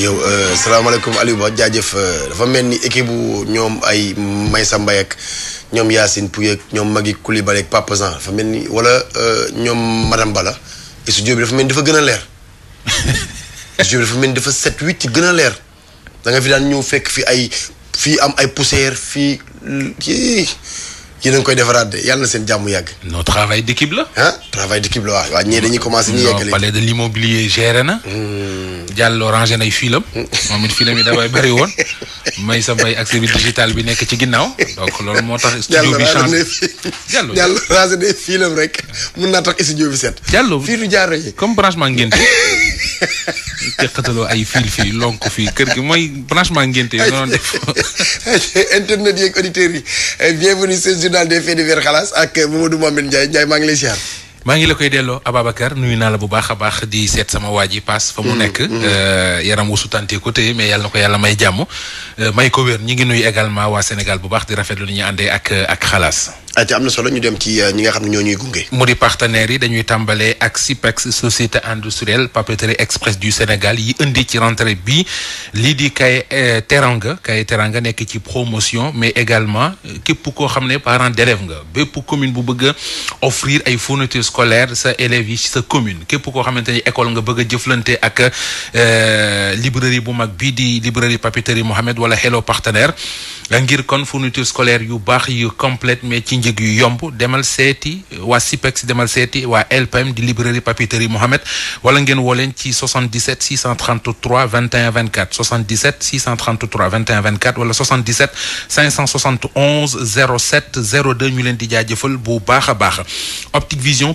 yow euh, salaamaaleykum Aliou Ba jaajëf euh, dafa mel ni équipe bu ñoom ay may sa ak ñoom Yacine Pouye ak ñoom magi Coulibaly ak Papa Jean dafa mel ni wala euh, ñoom madame Bala studio bi dafa mel ni dafa gën a leer studio bi dafa mel ni dafa set huit ci gën a leer da nga fi daan ñëw fekk fi ay fii am ay poussière fii. kii a ngi koy defaraat de na seen jàmm yàgg. non travail d'équipe la. ah travail d'équipe la waaw waaw ñii dañuy commencé. ñu yeggale non palais de l'immobilier géré na. jal hmm. rangé nay filam. Hmm. moom it filam yi dafay bëri woon may sa mbay accès bi digital bi nekk ci ginnaaw donc loolu moo tax. studio bi changé Diallo Diallo rangé nay filam rek mun naa tax studio bi set. Diallo fii jaar rek. comme branchement ngénte te xataloo ay fil fii lonk fii kër gi mooy branchement ngénte yi noonu def internet yeeg auditeurs yi bienvenue seen journal des faits divers xalaas ak Mamadou Mamadou Ndiaye Ndiaye maa ngi lay ziar maa ngi la koy delloo Ababacar nuyu naa la bu baax a baax di seet sama waa ji paas fa mu mm, nekk mm. Euh, yaram wusu tante ko téye mais yàlla na ko yàlla may jàmm euh, may ko wér ñi ngi nuyu également waa Sénégal bu baax di rafetlu ni ñu àndee ak ak xalaas ci am na solo ñu dem ci euh, ñi nga xam ne ñoo ñuy gunge. mu di partenaires yi dañuy tàmbalee ak SIPEX société industrielle papeterie express du Sénégal yi indi ci rentrée bi lii di kay teranga kay teranga nekk ci promotion mais également képp koo xam ne parent nga bépp commune bu bëgg scolaire sa élèves yi ci sa commune képp koo xamante ni école nga bëgg a jëflante ak euh, librairie bu mag bii di librairie papeterie Mohamed wala Hello Partenaire ngir kon fourniture scolaire yu baax yu complète mais ci njëg yu yomb demal seeti waa SIPEX demal seeti waa LPM di librairie papeterie Mohamed wala ngeen woo leen ci 77 633 21 24 77 633 21 24 wala 77 571 07 02 ñu leen di jëfal bu baax a baax Vision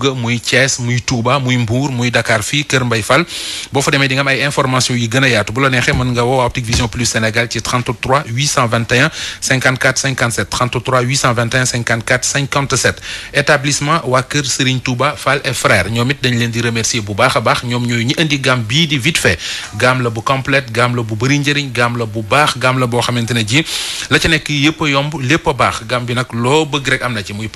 Louga muy Thiès muy Touba muy Mbour muy Dakar fii Kër Mbay Fall boo fa demee di nga am ay information yu gën a yaatu bu la neexee mën nga woo Optique Vision Plus Sénégal ci 33 waa Kër Serigne Touba Fall et frère ñoom leen di remercier bu baax a baax ñoom ñooy ñi indi bii di vite fait gamme la bu complète gamme la bu bëri njëriñ gamme la bu baax gamme la boo xamante ne ji la ci nekk yëpp a yomb lépp a baax gamme bi nag loo bëgg rek am na ci muy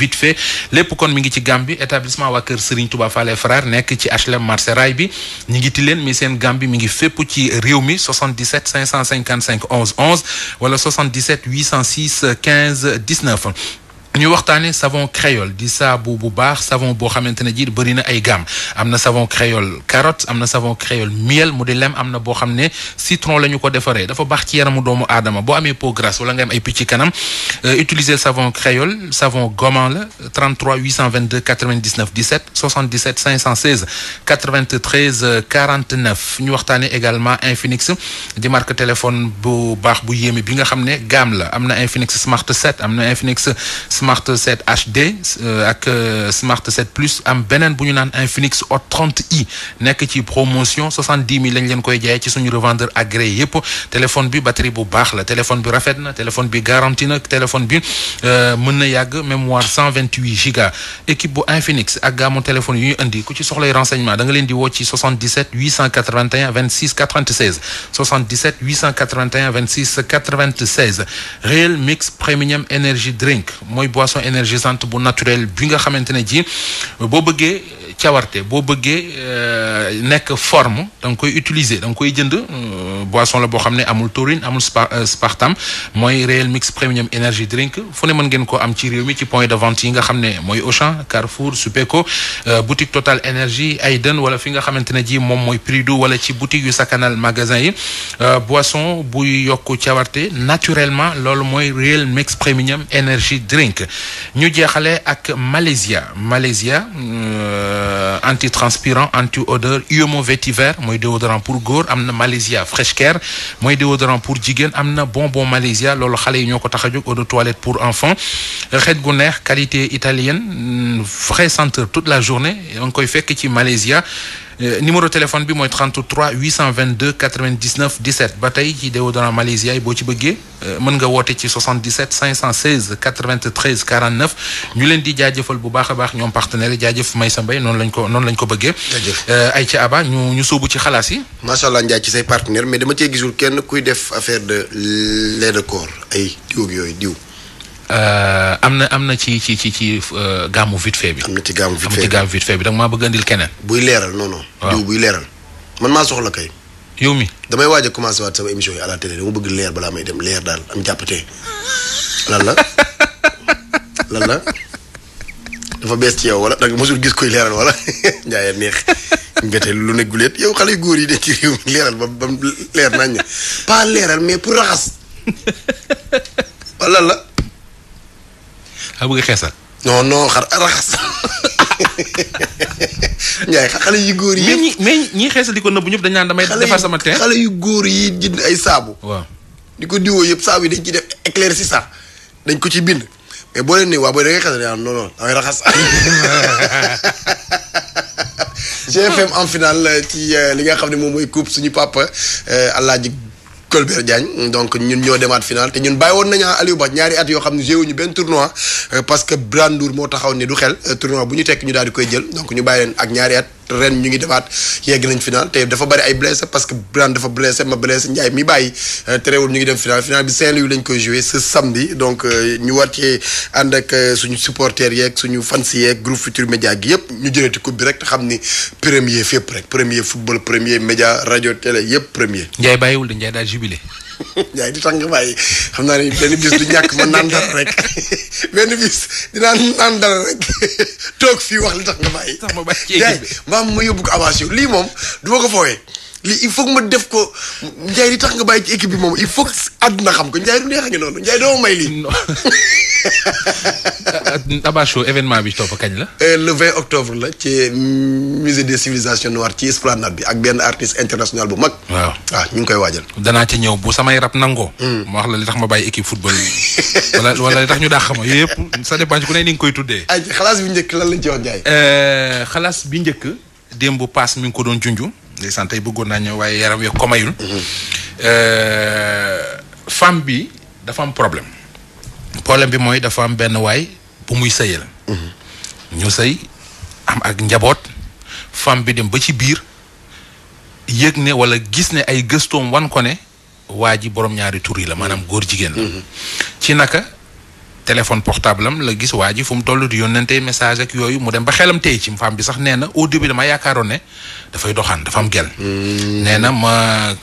vite fait lépp kon mi ngi ci Gàmbi établissement waa kër Serigne Touba Fallé Frère nekk ci HLM marché rail bi ñi ngi ti leen mi seen Gàmbi mi ngi fépp ci réew mi 77 555 11 11 wala 77 806 15 19 ñu waxtaanee savon créole di saabu bu baax savon boo xamante ne ji bëri na ay gamme am na savon créole carotte am na savon créole miel mu di lem am na boo xam ne citron la ñu ko defaree dafa baax ci yaramu doomu aadama boo amee peau wala nga am ay picc kanam euh, utiliser savon créole savon gommant la 33 822 99 17 77 516 93 49 ñu waxtaanee également Infinix di marque téléphone bu baax bu yéeme bi nga xam ne gamme la am na Infinix Smart 7 am na Infinix. Smart 7 HD euh, ak euh, Smart 7 Plus am beneen bu ñu naan Infinix Hot 30i nekk ci promotion soixante-dix mille lañ leen koy jaay ci suñu revendeur agréé yëpp téléphone bi batterie bu baax la téléphone bi rafet na téléphone bi garanti na téléphone bi euh, mën na yàgg mémoire cent vingt-huit giga équipe bu Infinix ak gaamu téléphone yu ñu indi ku ci soxlay renseignement da nga leen di woo ci 77 881 26 96 77 881 26 96 Real Mix Premium Energy Drink mooy boisson énergisante bu naturel bi nga xamante ne ji boo cawarte boo bëggee euh, nekk forme da koy utiliser da nga koy jënd euh, boisson la boo xam ne amul taurine amul euh, spartam mooy Réel Mix Premium Energy Drink fu ne mën ngeen ko am ci réew mi ci point de vente yi nga xam ne mooy Auchan Carrefour Supeco boutique Total Energy Aiden wala fi nga xamante ne ji moom mooy Pridu wala ci boutique yu sakanal magasin yi boison buy yokk cawarte naturellement loolu mooy Réel Mix Premium Energy Drink ñu jeexale ak Malaysia Malaysia. Euh, antitranspirant anti odeur Uomo vétiver mooy déodorant pour góor am na Malaysia mooy déodorant pour jigéen am na bonbon Malaysia loolu xale yi ñoo ko tax a jóg eau de toilette pour enfant xeet gu neex qualité italienne frais mm, senteur toute la journée nga koy fekk ci Malaysia. Euh, numéro téléphone bi mooy 33 822 99 17 ba tey ci déodorant Malaysia yi boo ci bëggee euh, mën nga woote ci 77 516 93 49 ñu leen di jaajëfal bu baax a baax ñoom partenaire yi may Maysa Mbaye noon lañ ko noonu lañ ko bëggee. ay euh, ci Aba ñu ñu sóobu ci xalaas yi. macha allah Ndiaye ci say partenaire mais dama cee gisul kenn kuy def affaire de lee de corps ay diw yooyu diw. Euh, am na am na ci ci ci ci euh, gàmmu vite fait bi. am na ci gàmmu vite fait bi bi da nga maa bëgg keneen. buy leeral non non. buy leeral man ma soxla kay. yow mi damay waaj a commencé waat sama émission yi à bëgg leer balaa may dem leer daal am jàppatee lan dafa bees ci yow wala da nga gis koy leeral wala a neex mbete lu ne guleet yow xale yu góor yi de ci réew mi leeral ba ba leer nañ ne pas leeral mais pour raxas a bëgg xeesal. xale yu góor yi. mais ñi mais ñi xeesal ñëpp dañ damay. defar sama yu góor yi jënd ay saabu. waaw di ko diwoo yëpp saabu yi dañ ciy def éclairci sax dañ ko ci bind. mais boo leen nii waa booy da ngay yaa non non damay raxas. GFM en finale euh, ci euh, li nga xam ne moom mooy coupe suñu papa euh, Alaaji. Colbert Diagne donc ñun ñoo demaat final te ñun bàyyi woon nañu Aliou Ba ñaari at yoo xam ne wuñu benn tournoi euh, parce que Brandour moo taxaw ne du xel euh, tournoi bu ñu tekk ñu daal di koy jël donc ñu bàyyi leen ak ñaari at te ren ñu ngi defaat yegg nañ final te dafa bari ay blessé parce que Birane dafa blessé ma blessé Ndiaye mi bàyyi euh, terewul ñu ngi dem final final bi Saint-Louis lañ koy joué ce samedi donc euh, ñu war cee ànd ak euh, suñu supporters yeeg suñu fans yeeg groupe Futur Média gi yëpp ñu jëlati coupe bi rek te xam ni premier fépp rek premier football premier média rajo télé yëpp premier. Ndiaye wul de Ndiaye daal jubilé. Njaay di tàng bàyyi xam naa ne benn bis du ñàkk ma naan dara benn bis dinaa naan dara rek toog fii wax li tax nga bàyyi. tax ma bàyyi Njaay maam ma yóbbu ko avance lii moom du ma li il faut ma def ko Ndiaye li tax nga bàyyi ci équipe bi moom il faut que na xam ko Ndiaye du neex nga noonu may lii. Abacho événement bi topp kañ la. Euh, le 20 octobre la ci euh, musée des civilisations noires ci esplanade bi ak benn artiste international bu mag. waaw ah ñu ngi koy waajal. danaa ci ñëw bu samay rab nangoo. Hmm. ma wax la li tax ma bàyyi équipe football yi. wala wala li tax ñu dàq ma yëpp ça dépend ku ne ni nga koy tuddee. ay xalaas bi njëkk lan lañ ci wax euh, xalaas bi njëkk démb paas mi ngi ko doon junju. ndeysaan tey bëggoon naa ñëw waaye yaram yo ko mayul mhm. euh, femme bi dafa am problème problème bi mooy dafa am benn waay bu muy sëyal mhm. ñu sëy am ak njaboot femme bi dem ba ci biir yëg ne wala gis ne ay gëstoom wan ko ne waa ji borom ñaari tur yi la maanaam mhm. góor jigéen la ci naka téléphone portable am la gis waa ji fu mu toll di yónnante message ak yooyu mu dem ba xelam tey ci femme bi sax nee na au début yaakaaroon ne dafay doxaan dafa gel hmm. nee na ma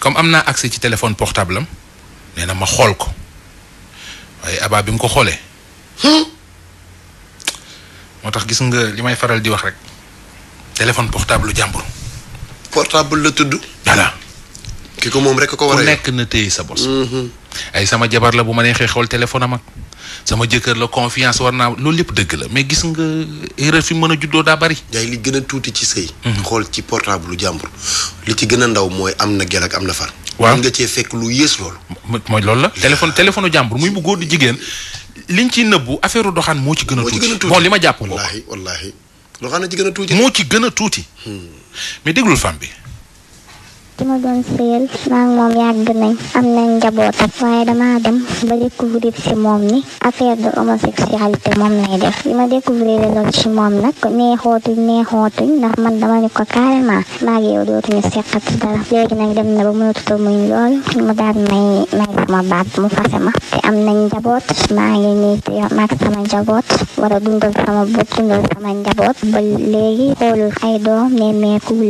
comme am na accès ci téléphone portable am nee na ma xool ko waaye abaa bi mu ko xoolee. Hmm? moo tax gis nga li may faral di wax rek téléphone portable jàmbur. portable la tudd. voilà. ki ko moom rek ko war a ku nekk na téye sa bos. Hmm, ay sama jabar la bu ma neexee xool téléphone am ak. sama jëkkër la confiance war naa loolu lépp dëgg la mais gis nga erreur fi mën a juddoo daa bari. yaay li gën a tuuti ci sëy. Mhm. xool ci portable lu jàmbur li ci gën a ndaw mooy am na gel ak am na far. waaw nga cee fekk lu yées loolu. mooy loolu la téléphone téléphone jàmbur muy bu góor di jigéen liñ ci nëbbu affaire doxaan moo ci gën a. tuuti bon li ma jàpp. wallaahi wallaahi doxaan ci gën a tuuti. moo ci gën a tuuti. Hmm. mais déglul femme bi. ki ma doon séyal maa ngi moom yàgg nañ am nañ njaboot ak waaye dama dem ba découvrir ci moom ni affaire de homosexualité moom lay def bi ma découvrir loolu ci moom nag neexootuñ neexootuñ ndax man dama ni ko carrément maa ngi dootuñu seqat dara léegi nag dem na ba mënatuta muñ lool mu daal may may sama baat mu fase ma te am nañ njaboot maa ngi nii maag sama njaboot war a sama bopp ba léegi xoolul ay doom ne meekul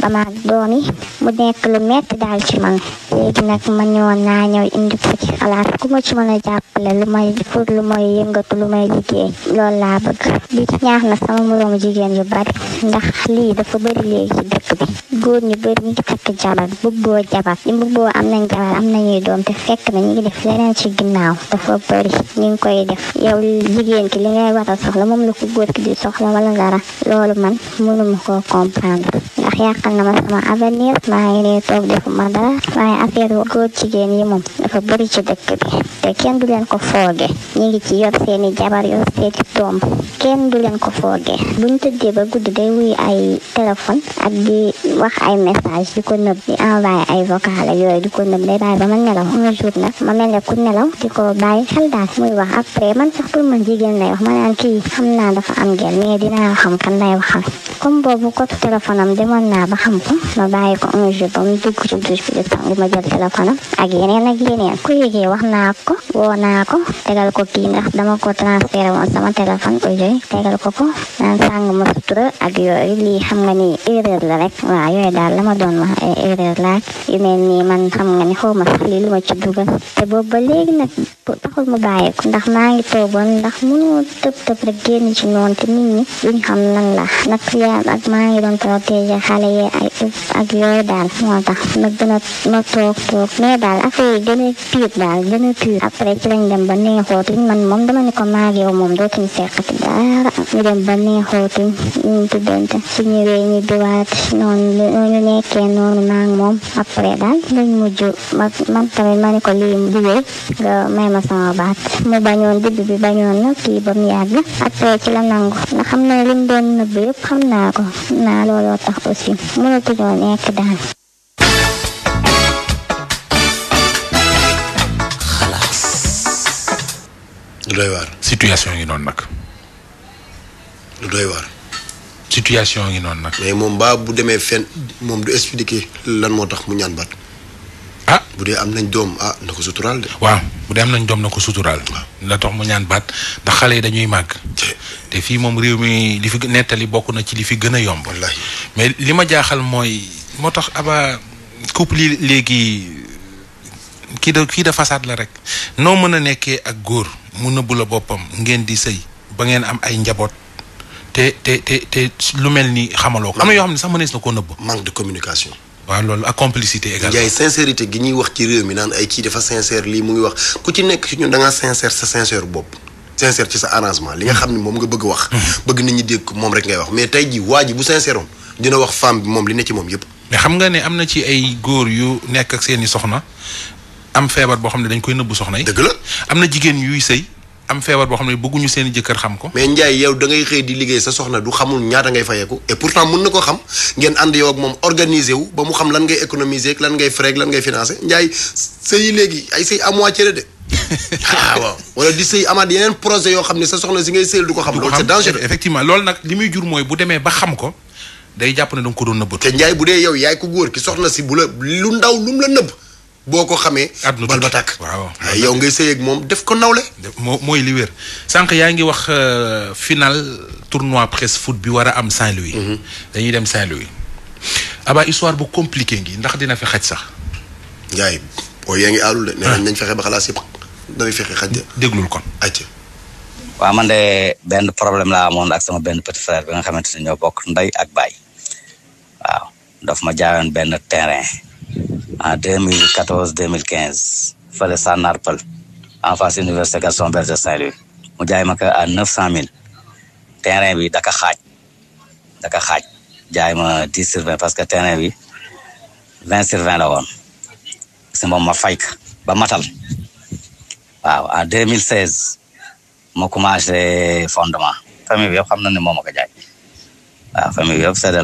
ba maag doom yi mu nekk lu metti daal ci man léegi nag ma naa ñëw indi ko ci xalaat ku ma ci mën a jàppale lu may pour lu may yëngatu lu may liggéey loolu laa bëgg di ñaax na sama moroomu jigéen yu bari ndax lii dafa bari léegi ci dëkk bi góor ñu bëri ñu ngi takk jabar bëggoo jabar ñu bëggoo am nañ jabar am nañuy doom te fekk na ñu ngi def leneen ci ginnaaw dafa bëri ñu ngi koy def yow jigéen ki li ngay war a soxla moom la ko góor ki di soxla wala dara loolu man mënuma koo comprendre ndax yàqal na ma sama avenir maa ngi nii toog defuma dara waaye affaire góor jigéen yi moom dafa bëri ci dëkk bi te kenn du leen ko fooge ñu ngi ci yor seeni jabar yor seeni doom kenn du leen ko fooge buñ tëddee ba guddi day wuy ay téléphone ak di wax ay message di ko nëb di envoyé ay vocal ak yooyu di ko nëb day bàyyi ba ma nelaw un jour nag ma mel ne ku nelaw di ko bàyyi xel daal muy wax a man sax pour man jigéen lay wax ma naan kii xam naa dafa am gel mais dinaa xam kan lay waxal comme boobu ko téléphone am demoon naa ba xam ko ma bàyyi ko un jour ba mu dugg ci douche bi di tàng ma jël téléphone a ak a ak yeneen ku yégee wax naa ko woo naa ko tegal ko kii ndax dama ko transféré woon sama téléphone ko yooyu tegal ko ko naan sàng ma sutura yooyu daal la ma doon wax ay erreur laak yu mel nii man xam nga ne xaw ma sax lii lu ma ci dugal te boobu ba léegi nag taxul mu bàyyi ko ndax maa ngi ndax mënoo tëb tëb rek génn ci noonu te nit ñi duñ xam nan la nag yaa ak maa ngi doon protéger xale yee ay ak yooyu daal moo tax ma gën a ma toog toog mais daal affaire yi a piir a piir après ci lañ dem ba neexootuñ man moom dama ne ko maag yow moom dootuñ seqati dara ñu dem ba neexootuñ ñu tuddante su ñëwee ñu biwaat noonu ñu ñu nekkee noonu maa moom après daal lañ mujj ma man tamit ma ne ko lii liggéey nga may ma sama baat mu bañoon dibb bi bañoon na kii ba mu yàgg après ci la nangu ndax xam na li mu doon nëbb yëpp xam naa ko naa looloo tax aussi mënatuñoo nekk daal lu doy waar situation ngi noonu nag. mais moom baa bu demee fenn moom du expliquer lan moo tax mu ñaan baat. ah bu dee am nañ doom ah, na ko suturaal de. waaw bu nañ doom na ko suturaal. la tax mu ñaan baat ndax xale yi dañuy màgg. te fii moom réew mi li fi nettali bokk na ci li fi gën a yomb. wallaahi mais li ma jaaxal mooy moo tax aba couple yi léegi kii da fii da façade la rek noo mën a nekkee ak góor mu nëbbu la boppam ngeen di sëy ba ngeen am ay njaboot. te te te te lu mel ni xamaloo ko. am na yoo xam ne sax mënees na koo nëbb. manque communication. waaw loolu ak complicité également. Ndiaye sincérité gi ñuy wax ci réew mi naan ay kii dafa sincère lii mu ngi wax ku ci nekk ci ñun da ngaa sincère sa sincère bopp. sincère ci sa arrangement li nga xam ne moom nga bëgg wax. Hmm. bëgg nit ñi dégg moom rek ngay wax mais tey ji waa bu sincère woon dina wax fem bi moom li ne ci moom yëpp. mais xam nga ne am na ci ay góor yu nekk ak seeni soxna am feebar boo xam ne dañ koy nëbbu soxna yi. la am na jigéen yuy sëy am feebar boo xam ne bëgguñu seen jëkkër xam ko. mais Ndiaye yow da ngay xëy di liggéey sa soxna du xamul ñaata ngay fayeeku et pourtant mën na ko xam ngeen ànd yow ak moom organiser wu ba mu xam lan ngay économiser lan ngay frais lan ngay financer Ndiaye sëy léegi ay sëy à moitié la de ah, waaw wala di sëy amaat yeneen projet yoo xam ne sa soxna si ngay sëyal du ko xam. loolu c'est dangereux effectivement loolu nag li muy jur mooy bu demee ba xam ko day jàpp ne da nga ko doon nëbbatu. te bu dee yow yaay ko góor ki soxna si bu la lu ndaw lu la nëbb boo ko xamee. bal ba tàkk waaw yow ngay sëyeeg moom def ko nawle. moo mooy li wér sànq yaa ngi wax euh, final tournoi presse foot bi war a am Saint-Louis. Mhm. dañuy dem Saint-Louis. aba histoire bu compliqué ngi ndax dina fi xaj sax. Ndiaye boo yaa ngi aalul de. nee nañ ah. fexe ba xalaas yëpp dafay fexe xaj déglul kon ayca. waaw man de benn problème laa amoon ak sama benn petit frère bi nga xamante ne ñoo bokk ndey ak baay waaw daf ma jaayoon benn terrain. en 2014 2015 fële Sànnaar Pël en face université Gaston Berger Saint-Louis mu jaay a ko à mille terrain bi daka xaaj daka xaaj jaay ma 10 sur parce que terrain bi 20 sur la woon si ma fay ba matal waaw en 2016 ma commencé fondement famille bi yëpp xam na ne moom ma ko famille bi yëpp seede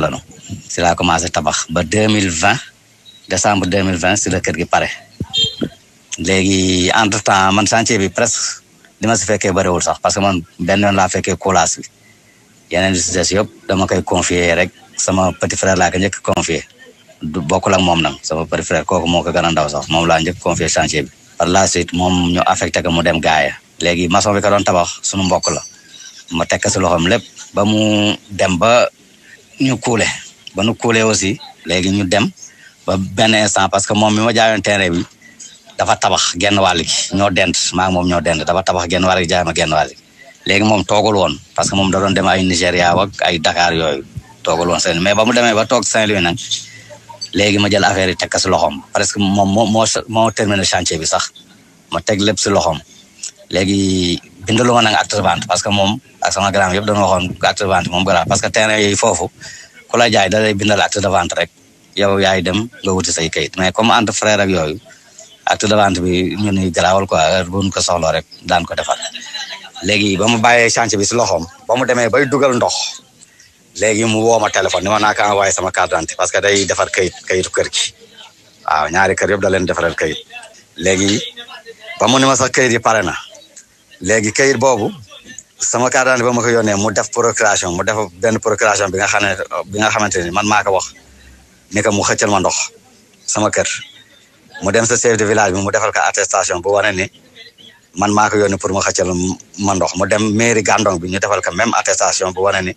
si laa commencé tabax ba 2020. décembre de mille vingt si la kër gi pare léegi entre temps man chantier bi presque li ma si fekkee bariwul sax parce que man benn yoon laa fekkee coulage bi yeneen si des yëpp dama koy confier rek sama petit frère laa ko njëkk confier du bokkul ak moom nag sama petit frère kooku moo ko gën a sax moom la njëkk confier chantier bi par la suite moom ñu affecté ko mu dem gaaya léegi maçon bi ka doon tabax suñu mbokk la ma tek si loxoom lépp ba mu dem ba ñu kuule ba nu kuule aussi léegi ñu dem ba benn instant parce que moom mi ma dafa tabax genn wàll gi ñoo dend maa ngi ñoo dend dafa tabax genn wàll gi jaay ma genn wàll gi léegi moom toogul woon parce que moom da dem ay Nigéria ak ay Dakar yooyu toogul woon Saint-Louis mais ba mu demee ba toog Saint-Louis nag léegi ma jël affaire yi teg ko si loxoom presque moom moo moo moo terminé chantier bi sax ma teg lépp si loxoom léegi bindalu ma nag acte de vente parce que moom ak sama grand grand parce que terrain yooyu foofu ku la jaay da rek yow yaay dem nga wuti say kayit mais comme entre frère ak yooyu acte de vente bi ñu nuy garaawal quoi heure bu ko soxloo rek daan ko defar léegi ba mu bàyyee chantier bi si loxoom ba mu demee bay dugal ndox léegi mu woo ma téléphone ni ma naa ko sama carte d'identité parce que day defar kayit kayitu kër gi waaw ñaari kër yëpp da leen defaral kayit léegi ba mu ne ma sax kayit yi pare na léegi kayit boobu sama carte d'identité ba ma ko yónnee mu def procuration mu def benn procuration bi nga xam bi nga xamante ni man maa ko wax. ne mu xëccal ma ndox sama kër mu dem sa chef de village mu defal ko attestation bu wane ne man maa ko yónni pour mu xëccal ma ndox mu dem mairie gàndong bi ñu defal ka même attestation bu wane ne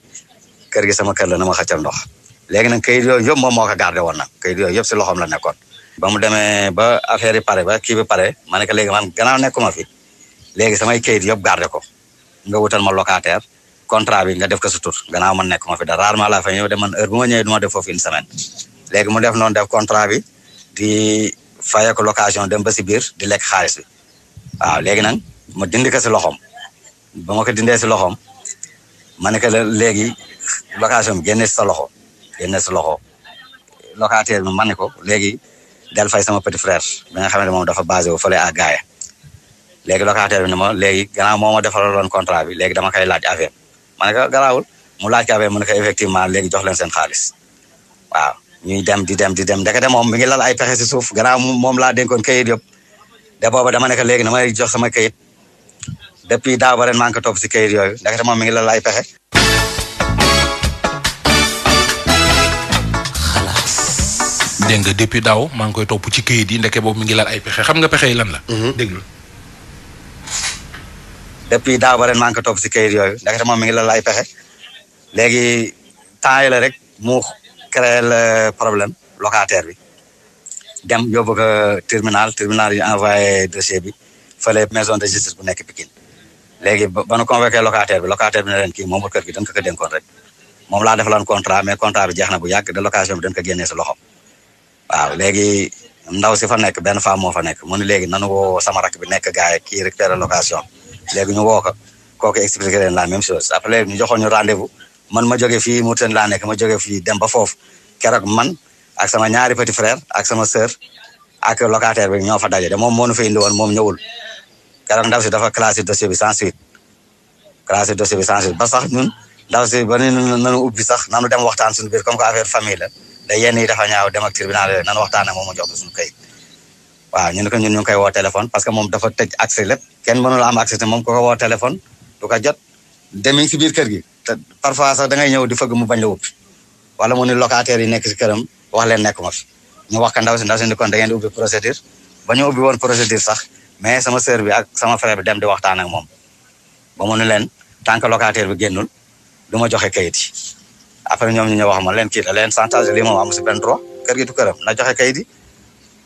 kër gi sama kër la na ma xëccal ndox léegi nag kayit yooyu yëpp moom moo ko gardé woon nag kayit yooyu yëpp si loxoom la nekkoon. ba mu demee ba affaire yi pare ba kii pare ma ne ko léegi man gannaaw nekkuma fi léegi samay kayit yëpp gardé ko nga wutal ma locataire contrat bi nga def ko sa tur gannaaw man nekkuma fi da rarement la fa léegi mu def noonu def contrat bi di faye ko location dem ba si biir di lekk xaalis bi waaw léegi nag ma dindi ko si loxoom ba ma ko dindee si loxoom ma ne ko léegi location bi génne si sa loxo génne si loxo locataire bi ma ne ko léegi del fay sama petit frère bi nga xam ne moom dafa basé wu fële à Gaaya léegi bi ne ma léegi gannaaw moo ma defaraloon contrat bi léegi dama koy laaj affaire ma ne ko mu laaj ko affaire mu effectivement léegi jox leen seen xaalis waaw. ñuy dem di dem di dem ndekete moom mi ngi lal ay pexe si suuf gannaaw moom laa dénkoon kayit yëpp de dama nekk léegi dama lay jox sama kayit depuis daaw ba ren maa si kayit yooyu ndekete moom mi ngi lal ay pexe. dégg nga depuis daaw maa ngi koy topp ci kayit yi ndeke boobu mi ngi lal ay pexe xam nga pexe yi lan la. Mhm. déglu. depuis daaw ba ren maa si kayit yooyu ndekete moom mi ngi lal ay pexe léegi temps yi la rek mu créer problème locataire bi dem yóbbu ko terminal terminal yi envoyé dossier bi fële maison de justice bu nekk Pikine léegi ba nu convoqué locataire bi locataire bi ne leen kii moomul kër gi dañ ko ko rek moom laa defaloon contrat mais contrat bi jeex na bu yàgg de location bi dañ ko génnee si loxom waaw léegi ndaw si fa nekk benn femme moo fa nekk mu ne léegi nanu woo sama rakk bi nekk gars yi kii récupéré location léegi ñu woo ko kooku expliqué leen la même chose après ñu joxoon ñu man ma jóge fii Mourten laa nekk ma jóge fii dem ba foofu keroog man ak sama ñaari petit frère ak sama sœur ak locataire bi ñoo fa daje de moom moo u fa indi woon moom ñëwul keroog ndaw si dafa classé dossier bi sans suite classé dossier bi ba sax ñun ndaw si ba ñu nañu ubbi sax nanu dem waxtaan suñu biir comme que affaire famille la da yenn yi dafa ñaaw dem ak tribunal yooyu nanu waxtaan ak moom mu ko suñu kayit waaw ñu ne ñun ñu ngi koy woo téléphone parce que moom dafa tëj accès lépp kenn mënul am accès te moom ku ko woo téléphone du ko jot dem biir kër gi te parfois sax da ngay ñëw di fëgg mu bañ la ubbi wala mu ni locataire yi nekk si këram wax leen nekkuma fi ñu wax ka ndaw si ndaw si ni kon da ngeen di ubbi procédure ba sax mais sama sœur bi ak sama frère bi dem di waxtaan ak moom ba mu ne leen tant que locataire bi génnul du ma joxe kayit yi après ñoom ñu wax ma leen kii da leen chantage lii moom amu si benn droit kër gi du këram na joxe kayit yi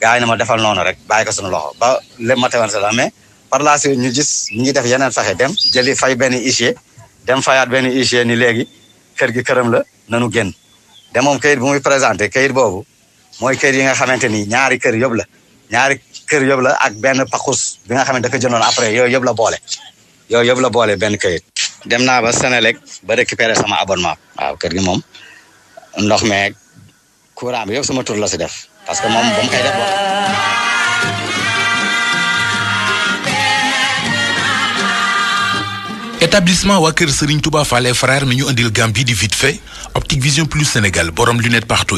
gaa ma defal noonu rek bàyyi ko suñu loxo ba lépp ma teewal si la mais par ñu gis ñu ngi def yeneen fexe dem jëli fay benn huissier dem fayaat benn huissier ni léegi kër gi këram la nanu génn de moom kayit bu muy présenté kayit boobu mooy kayit yi nga xamante ni ñaari kër yëpp la ñaari kër yëpp la ak benn paxus bi nga xam ne da ko jëndoon après yooyu yëpp la boole yooyu yëpp la boole benn kayit. dem naa ba Sénélec ba récupérer sama abonement waaw kër gi moom ndox meeg courant bi yëpp sama tur la si def parce que moom ba mu établissement waa kër Serigne Touba Fall frère mi ñu indil Gambie di vite fait Optique Vision Plus Sénégal borom lunette partout